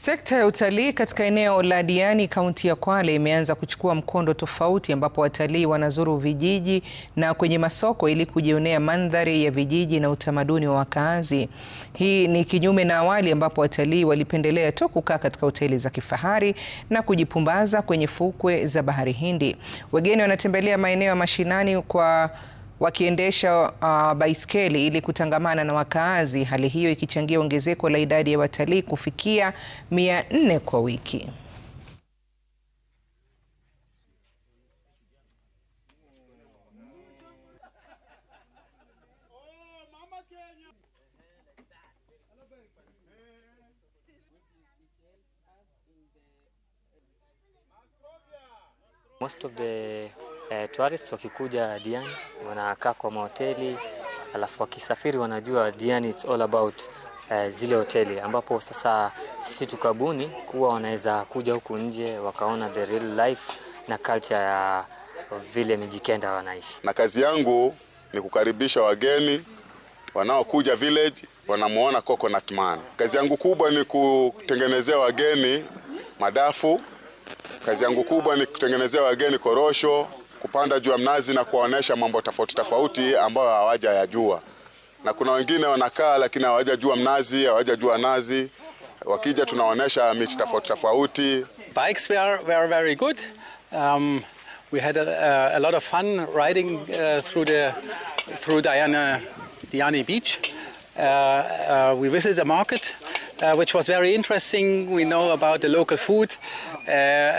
Sekta ya utalii katika eneo la Diani kaunti ya Kwale imeanza kuchukua mkondo tofauti ambapo watalii wanazuru vijiji na kwenye masoko ili kujionea mandhari ya vijiji na utamaduni wa wakaazi. Hii ni kinyume na awali ambapo watalii walipendelea tu kukaa katika hoteli za kifahari na kujipumbaza kwenye fukwe za Bahari Hindi. Wageni wanatembelea maeneo ya mashinani kwa wakiendesha uh, baiskeli ili kutangamana na wakaazi, hali hiyo ikichangia ongezeko la idadi ya watalii kufikia mia nne kwa wiki. Most of the e, tourist wakikuja Diani wanakaa kwa mahoteli, alafu wakisafiri wanajua Diani it's all about e, zile hoteli ambapo sasa sisi tukabuni kuwa wanaweza kuja huku nje wakaona the real life na culture ya vile Mijikenda wanaishi. Na kazi yangu ni kukaribisha wageni wanaokuja village wanamuona Coconut Man. Kazi yangu kubwa ni kutengenezea wageni madafu. Kazi yangu kubwa ni kutengenezea wageni korosho kupanda juu ya mnazi na kuwaonyesha mambo tofauti tofauti ambayo hawaja yajua, na kuna wengine wanakaa lakini hawajajua mnazi, hawajajua nazi. Wakija tunaonyesha miti tofauti tofauti. Bikes were, were very good. Um, we had a, a, lot of fun riding uh, through the through Diana Diani Beach. Uh, uh, we visited the market. uh, which was very interesting. We know about the local food uh,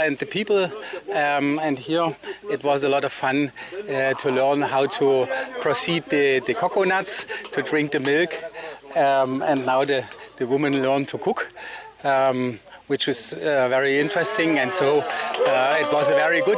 and the people, um, and here it was a lot of fun uh, to learn how to proceed the, the coconuts, to drink the milk, um, and now the, the woman learned to cook. Um, which was uh, very interesting, and so uh, it was a very good.